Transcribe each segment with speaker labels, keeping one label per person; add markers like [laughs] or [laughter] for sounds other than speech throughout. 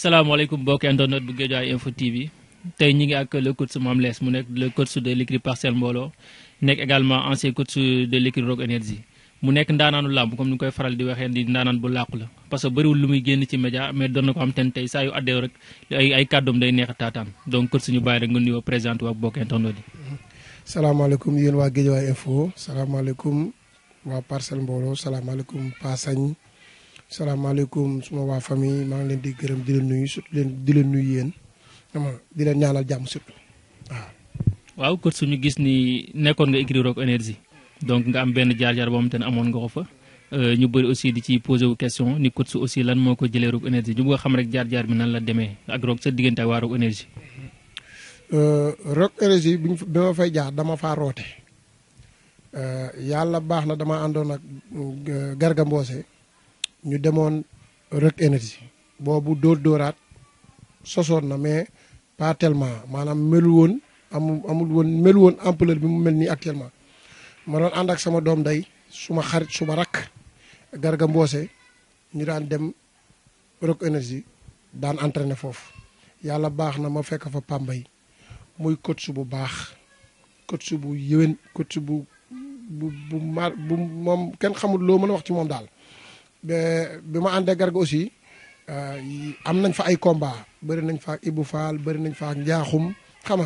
Speaker 1: asalaamaaleykum mbokki internet bu Guédiawaye info TV tey ñi ngi ak le coach Mame Less mu nekk le coach de l'équipe Parcelles Mbooloo nekk également ancien coach de l'équipe Rock Énergie mu nekk ndaanaanu làmb comme ni koy faral di waxee di ndaanaan bu làqu la parce que bëriwul muy génn ci média mais doon ko am ten tey saa yu àddee rek ay ay kàddoom day neex a taataan donc coach ñu bàyyi rek nga nuyoo présenté waa mbokki internet yi.
Speaker 2: salaamaaleykum salaamaaleykum suma waa famille maa ngi leen di gërëm di leen nuyu surtout leen di leen nuyu yéen dama di leen ñaanal jàmm surtout
Speaker 1: waaw. waaw kër suñu gis ni nekkoon nga écrire rock énergie donc nga am benn jaar jaar boo xam te ne amoon nga ko fa euh, ñu bëri aussi di ci posé wu question ni kër su aussi lan moo ko jëlee rock énergie ñu bëgg xam rek jaar jaar bi nan la demee ak rock sa diggante ak waa rock énergie.
Speaker 2: Euh, rock énergie bi ma fay jaar dama faa roote euh, yàlla baax na dama àndoon ak Garga ñu demoon rek énergie boobu dóor dóoraat sosoon na mais partellement maanaam melu woon amul amul woon melu woon ampleur bi mu mel nii actuellement ma doon ànd ak sama doom day suma xarit suma rakk garga mboose ñu daan dem rock énergie daan entraîné foofu yàlla baax na ma fekk fa pàmbay muy coach bu baax coach bu yéwén coach bu bu bu mar bu moom kenn xamut loo mën a wax ci moom daal bi ma àndee garga aussi euh, am nañ fa ay combat bari nañ fa ak Ibou faal bari nañ fa ak Njaaxum xam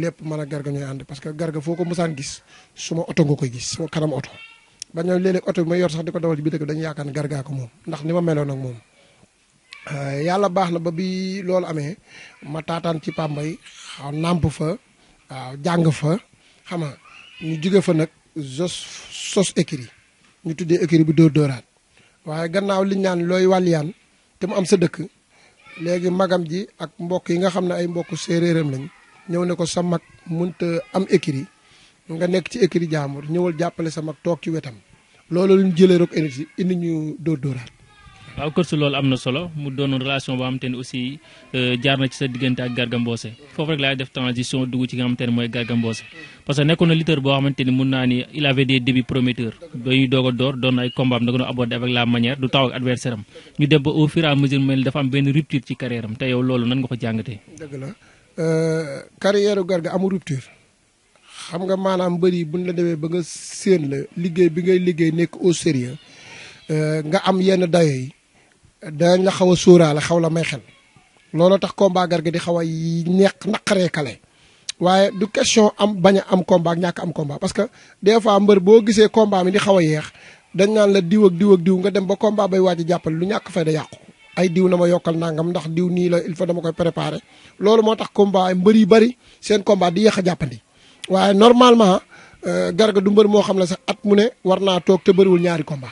Speaker 2: lépp man a garga ñooy ànd parce que garga foo ko mosaan gis suma oto nga koy gis suma kanam oto ba ñoom léeg-léeg oto yor sax di ko dawal ci bi dañu yaakaar ne gargaa moom ndax ni ma meloon ak moom euh, yàlla baax na ba bi loolu amee ma taataan ci Pambay xaw nàmp fa jàng fa xam ñu jóge fa nag jos sos écrit ñu tuddee écrit bu dóor dóoraat waaye gannaaw liñ naan looy wàlliyaan te mu am sa dëkk léegi magam ji ak mbokk yi nga xam ne ay mbokk séeréeram lañ ñëw ne ko sa mag munta am écurie nga nekk ci écurie jaamur ñëwal jàppale sa mag toog ci wetam loolu lu ñu jëlee rek énergie indi ñu dóor dóoraat
Speaker 1: waaw kër su loolu am na solo mu doon relation boo xamante ne aussi euh, jaar na ci sa diggante ak Garga Mbossé foofu rek laay def transition dugg ci nga xamante ne mooy Garga Mbossé parce que nekkoon na lutteur boo xamante ni mun naa ni il avait des débuts prometteurs ba ñuy doog a door doon na ay combat am da nga aborder avec la manière du taw ak adversaire ba au fur et ci carrière am
Speaker 2: nga euh, xam nga maanaam mbëri buñ la demee ba nga séen la liggéey bi ngay liggéey nekk au sérieux euh, nga am dañ la xaw a sóoraale xaw la may xel looloo tax combat garga di xaw a neex naqaree kale waaye du question am bañ am combat ak ñàkk am combat parce que des fois mbër boo gisee combat mi di xaw a yeex dañ naan la diw ak diw ak diw nga dem ba combat bay waaj a jàppale lu ñàkk fay da yàqu ay diw na ma yokkal nangam ndax diw nii la il faut dama koy préparer loolu moo tax combat mbër yu bëri seen combat di yéex a jàppandi waaye normalement euh, garga du mbër moo xam ne sax at mu ne war naa toog te bëriwul ñaari combat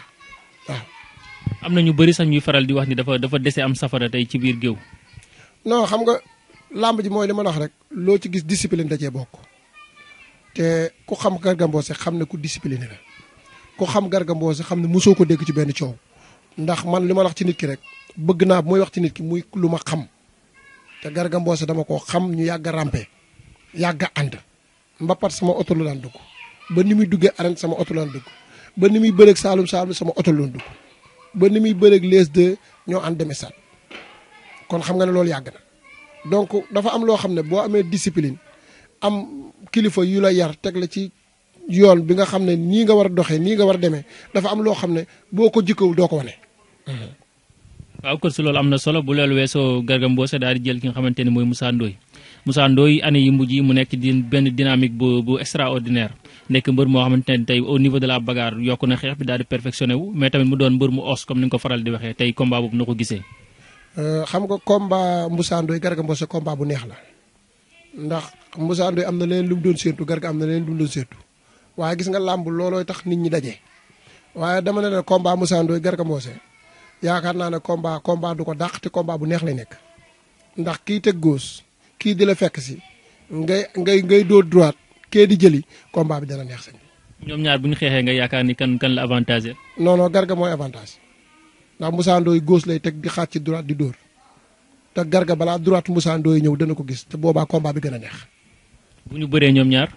Speaker 1: am na ñu bari sax ñuy faral di wax ni dafa dafa dese am safara tey ci biir géew.
Speaker 2: non xam nga làmb ji mooy li ma wax rek loo ci gis discipline da cee bokk te ku xam Garga Mbossé xam ne ku discipliné la ku xam Garga Mbossé xam ne mosoo ko dégg ci benn coow ndax man li ma wax ci nit ki rek bëgg naa mooy wax ci nit ki muy lu ma xam te Garga Mbossé dama koo xam ñu yàgg a ràmpe yàgg a ànd mbapat sama oto la daan dugg ba ni muy duggee arène sama oto la ba ni muy bëreeg Saalum Saalum sama oto ba ni muy bëreeg les deux ñoo ànd demesal kon xam nga ne loolu yàgg na donc dafa am loo xam ne boo amee discipline am kilifa yu la yar teg la ci yoon bi nga xam ne nii nga war a doxee nii nga war a demee dafa am loo xam ne boo ko jikkawul doo ko wane.
Speaker 1: waaw kon si loolu am na solo bu loolu weesoo Garga Mbossé di jël ki nga xamante ne mooy Moussa Ndoye Moussa Ndoye année yi mujj yi mu nekk di benn dynamique bu bu extraordinaire nekk mbër moo xamante ne tey au niveau de la bagarre yokk na xeex bi daal di perfectionné wu mais tamit mu doon mbër mu os comme ni nga ko faral di waxee tey combat boobu na ko gisee.
Speaker 2: Euh, xam nga combat Moussa Ndoye Garga Mbossé combat bu neex la ndax Moussa Ndoye am na leen lu mu doon séentu Garga am na leneen lu mu doon séentu waaye gis nga làmb loolooy tax nit ñi daje waaye dama ne la combat Moussa Ndoye Garga Mbossé yaakaar naa ne combat combat du ko dàq te combat bu neex lay nekk ndax kii teg ki di la fekk si ngay ngay ngay do droit ke di jeli combat bi dana neex sëñ
Speaker 1: ñom ñaar buñu xexé nga yaakaar ni kan kan la avantage.
Speaker 2: non non garga moy avantage da Moussa Ndoy gauche lay tek di xat ci droit di dóor te garga bala droit Moussa Ndoy ñew dana ko gis te boba combat bi gëna neex.
Speaker 1: buñu bëré ñom ñaar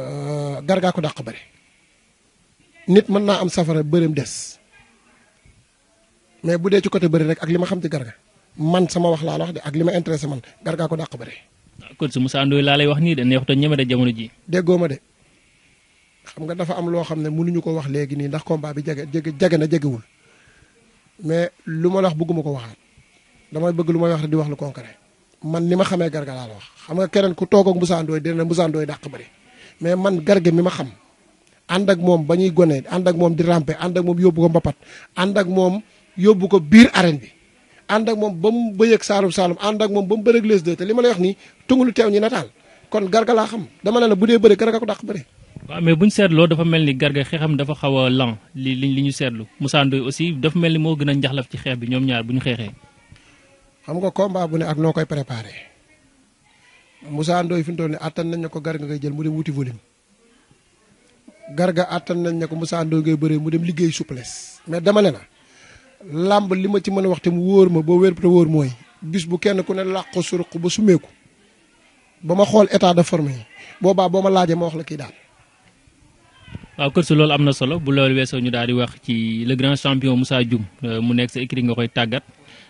Speaker 2: euh garga ko dakk bëré nit mën am safara bërem des mais bu dé ci côté bëré rek ak lima xam ci garga man sama wax la wax de ak lima intéressé man gargaa ko dàq bëre
Speaker 1: ko su musa ndoy la lay wax ni de neexuta ñeme de jamono ji
Speaker 2: déggoo de xam nga dafa am lo xamne mënu mënuñu ko wax léegi ni ndax combat bi jage jage jage na wul mais luma la wax bëgguma ko waxal dama bëgg luma wax di wax lu concret man lima xamé xamee garga la wax xam nga keneen ku toog ak Moussa Ndoye dina Moussa Ndoye dàq bëre mais man garga mi ma xam and ak mom bañuy goné and ak mom di ramper and ak mom yóbbu ko mbapat and ak mom yóbbu ko arène bi ànd ak moom ba mu bëyëg saalum saalum ànd ak moom ba mu les deux te lima lay wax ni tungulu tew ni natal kon garga la xam dama la budé beure garga ko dàq beure
Speaker 1: wa mais buñ sétlo dafa melni ni garga xeexam dafa xawa a lan li li li ñu seetlu Moussa Ndoye aussi dafa melni mo gëna gën njaxlaf ci xeex bi ñom ñaar buñ ñu
Speaker 2: xam nga combat bu ne ak nokoy préparer préparé Moussa Ndoye fi mu toll ne nañ ko garga ngay jël mu dem wuti volume garga atan nañ ko Moussa Ndoye ngay beure mu dem liggéey souplesse mais dama la Lamb lima ma ci mëna wax te mu ma ba wër moy bis bu kenn ku ne làqu suruq ba sumeeku ba baba bama état de forme boba boma laaje ma wax la ki daal.
Speaker 1: wa ko si lol amna solo bu lol wesso ñu daali wax ci le grand champion Moussa Dioum euh, mu nekk sa écrit nga koy tagat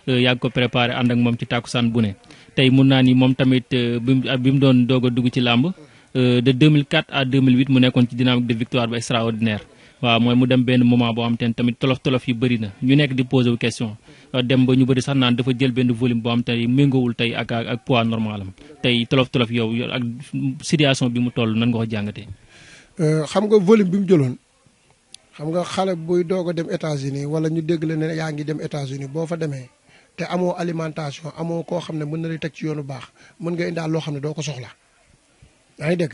Speaker 1: euh, ya ko préparer and ak mom ci takusan bu ne tay euh, mu mom tamit bim doon dogo dug ci lamb de 2004 à 2008 mu nekkon ci dynamique de victoire ba extraordinaire. waaw mooy mu dem benn moment boo xam te ne tamit tolof tolof yi bëri na ñu nekk di posé wu question euh, dem ba ñu bëri sax naan dafa jël benn volume boo xam te ne méngoowul tey ak ak poids normal am tey tolof tolof yow ak situation bi mu toll nan nga ko jàngatee.
Speaker 2: Euh, xam nga volume bi mu jëloon xam nga xale buy doog a dem États-Unis wala ñu dégg la ne yaa ngi dem États-Unis boo fa demee te amoo alimentation amoo koo xam ne mën na lay teg ci yoonu baax mën nga indaal loo xam ne doo ko soxla yaa ngi dégg.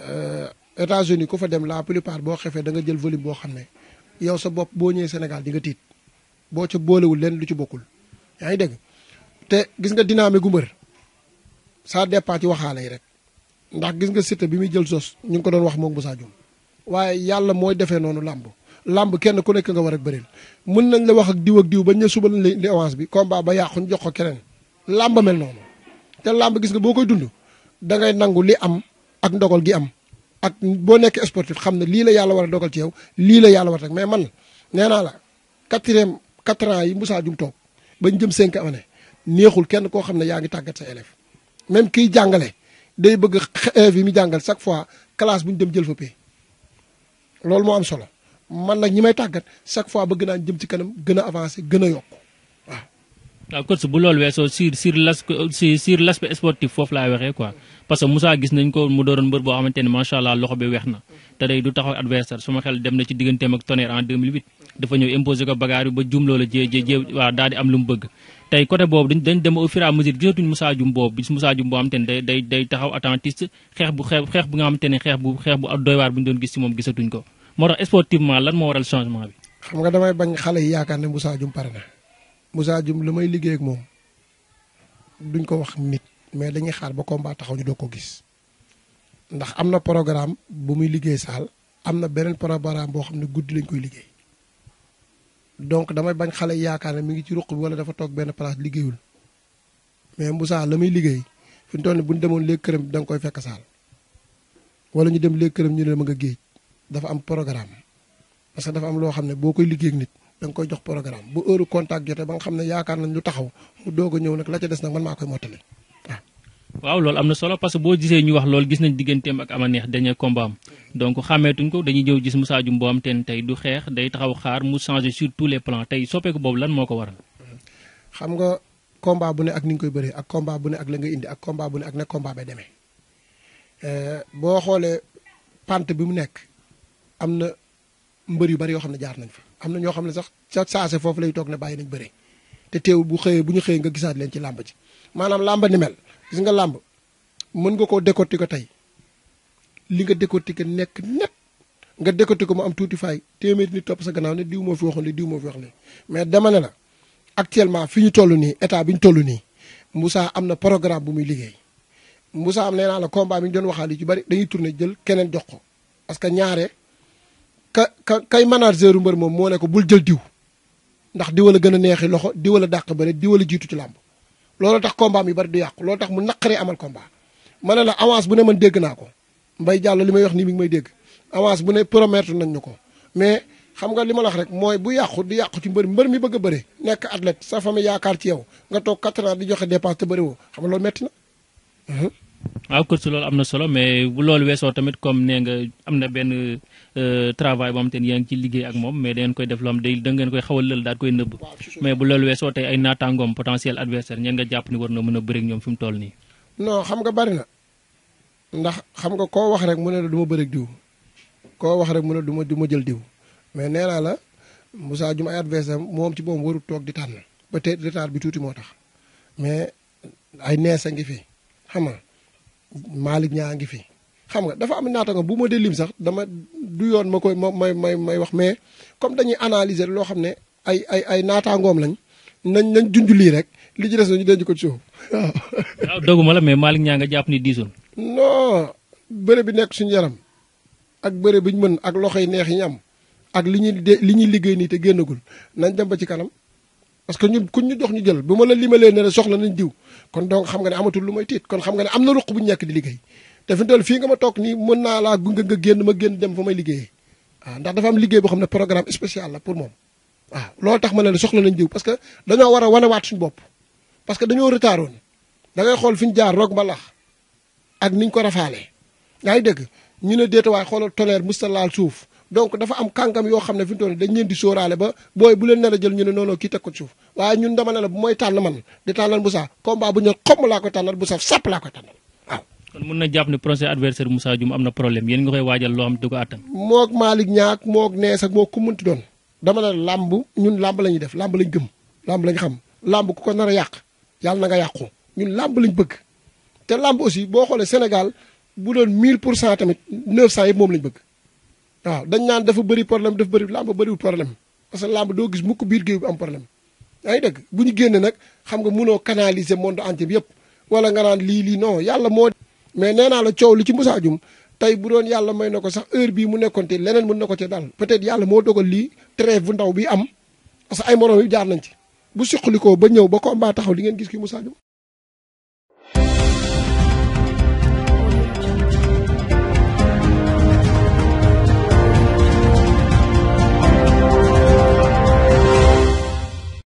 Speaker 2: Euh, États-Unis ku fa dem la plupart bo xefee da nga jël volume bo xamné yow sa bop bo ñëw Sénégal di nga bo ci bolé boolewul lén lu ci bokul yaay dégg te gis nga dynamique gu mbeur sa dépend ci waxalay rek ndax gis nga cité bi mi jël sos ñu ko doon wax moom Moussa Dioum waye Yalla moy défé nonu lamb lamb kenn ku nekk nga war ak bëril mën nañ la wax ak diw ak diw bañ ne suba avance bi combat ba yaaxu ko keneen lamb mel nonu té lamb gis nga bokoy dund da ngay nangul li am ak ndogol gi am ak boo nekkee sportif xam na lii la yàlla war a dogal ci yow lii la yàlla war a teg mais man nee naa la quatrième quatre ans yi Moussa Dioum toog bañ jëm cinq année neexul kenn koo xam ne yaa ngi tàggat sa élève même kii jàngale day bëgg élèves yi mu jàngal chaque fois classe bu ñu jëm jël fa pay loolu moo am solo man nag ñi may tàggat chaque fois bëgg naa jëm ci kanam gën a avancer gën a yokk
Speaker 1: waaw coach boobu dañ dem au fur et boobu bis Moussa boo xamante ne day day taxaw attentiste xeex bu xeex bu nga xamante ne xeex bu xeex bu doon gis ci moom gisatuñ ko moo tax sportivement lan moo waral changement bi.
Speaker 2: xam nga damay bañ xale yi yaakaar ne Moussa pare na Moussa Jum lu may liggéey ak mom duñ ko wax nit mais dañuy xaar ba combat taxaw ñu do ko gis ndax amna programme bu muy liggéey sal amna benen programme bo xam gudd lañ koy liggéey donc damay bañ xalé yaakaar mi ngi ci ruq wala dafa tok benn place liggéeyul mais Moussa la muy liggéey fi mu toll nii bu ñu demoon léegi koy fekk sal wala ñu dem léegi kërëm ñu ne ma nga géej dafa am programme parce que dafa am lo xam ne liggéey ak nit da koy jox programme bu heure contact jotee ba nga xam ne yaakaar nañ lu taxaw mu doog ñëw nag la ca des nag man maa koy mottali
Speaker 1: waaw loolu am na solo parce que boo gisee ñu wax loolu gis nañ digganteem ak ama neex dernier combat am donc xàmmeetuñ ko dañuy ñëw gis mu Dioum boo am teen tey du xeex day taxaw xaar mu changé sur tous les plans tey soppeeku boobu lan moo ko waral.
Speaker 2: xam nga combat bu ne ak ni nga koy bëree ak combat bu ne ak la nga indi ak combat bu ne ak ne euh, xoolee pante bi mu nekk am na mbër yu bari yoo xam ne jaar nañ fa. am na ñoo xam ne sax ca saase foofu lay toog ne bàyyi nañ bëre te teewul bu xëyee bu ñu xëyee nga gisaat leen ci làmb ji maanaam làmb ni mel gis nga làmb mën nga koo ko tey li nga décortiquer nekk net nga décortiquer ko mu am tuuti fay téeméeri nit topp sa gannaaw ne diw moo fi waxoon ne diw moo fi wax ne mais dama la actuellement fi ñu toll nii état bi ñu toll nii musaa am na programme bu muy liggéey musaa am nee naa la combat bi ñu doon waxaal yi ci bëri dañuy tourner jël keneen jox ka ka kay manager mbër moom moo ne ko bul jël diw ndax diwa la gën a neexi loxo diwa la dàq bëre diwa la jiitu ci làmb loolu tax combat mi bari di yàqu loolu tax mu naqaree amal combat ma ne la avance bu ne man dégg naa ko mbay jàll li may wax nii mi ngi may dégg avance bu ne promettre nañ ñu ko mais xam nga li ma la rek mooy bu yàqu di yàqu ci mbër mbër mi bëgg a bëre nekk athlète sa famille yaakaar ci yow nga toog quatre ans di joxe dépense te bëri woo xam nga loolu metti
Speaker 1: waaw coach loolu am na solo mais bu loolu weesoo tamit comme nee nga am na benn euh, travail boo xam te ni yaa ngi ci liggéey ak moom mais dangeen koy def loo xam day da ngeen a koy nëbb mais bu loolu weesoo tey ay naataangoom potentiel adversaire ñeen nga na mën a bëreeg ñoom fi mu toll nii
Speaker 2: non xam nga bari na ndax xam nga koo wax rek mu ne la du ma bëreeg diw koo wax rek mu ne du ma du jël diw mais nee la Moussa Dioum ay adversaire moom ci moom warul toog di tànn peut-être retard bi tuuti moo tax mais ay neesa ngi fi xam nga malik ñaa ngi fi xam nga dafa am naata nga bu ma delim sax dama du yoon ma koy may may may wax mais comme dañuy analyser lo xamne ay ay ay naata ngom lañ nañ nañ junj li rek li ci des ñu denc ko ci suuf waaw.
Speaker 1: [laughs] waaw doguma la mais malik ñaa nga jàpp ni disul
Speaker 2: non bëre bi nek suñu yaram ak bëre bi mën ak loxay neex ñam ak li ñuy de li ñuy liggéey te gennagul nañ dem ba ci kanam parce que ñun kuñ ñu jox ñu jël bima la limalé né soxla nañ diw kon donc xam nga ne amatul lu may tiit kon xam nga ne am na ruq bu ñu nekk di liggéey te fi fii nga ma toog nii mën naa laa gunge nga génn ma génn dem fa may liggéeyee waaw ndax dafa am liggéey boo xam ne programme spécial la pour moom waaw loolu tax ma ne la soxla nañ diw parce que dañoo war a waat suñu bopp parce que dañoo retard woon da ngay xool fi ñu jaar roog lax ak niñ ko rafaalee yaa ngi dégg ñu ne déetawaay xoolal tonnerre musta laal suuf donc dafa am kàngam yoo xam ne fi mu toll leen di sóoraale ba booy bu leen nar jël ñu ne noonoo kii teg ko suuf waaye ñun dama ne la bu mooy tànn man di tànnal Moussa combat bu ñor xomm laa koy tànnal bu saf sàpp laa koy tànnal
Speaker 1: waaw. kon mun na jàpp ne procès adversaire Moussa am na problème yéen nga koy waajal loo xam ne du ko attan.
Speaker 2: moog Malick doon dama ne la làmb ñun làmb la ñuy def làmb lañ gëm làmb lañ xam làmb ku ko nar yàq yàlla na nga yàqu ñun làmb lañ bëgg te làmb aussi boo xoolee Sénégal bu doon 1000 pour cent tamit 900 yëpp moom lañ bëgg waaw dañ naan dafa bëri problème dafa bëri làmb bëriwul problème parce que làmb doo gis mukk biir géew bi am problème yaa ngi dëgg bu ñu génne nag xam nga munoo canaliser monde entier bi yëpp wala nga naan lii lii non yàlla moo. mais nee la coow li ci Moussa Dioum tey bu doon yàlla may na ko sax heure bii mu nekkoon te leneen mën na ko ci dal peut-être yàlla moo dogal lii trêve bu ndaw bi am parce que ay morom yi jaar nañ ci bu suqalikoo ba ñëw ba baa taxaw li ngeen gis ki Moussa Dioum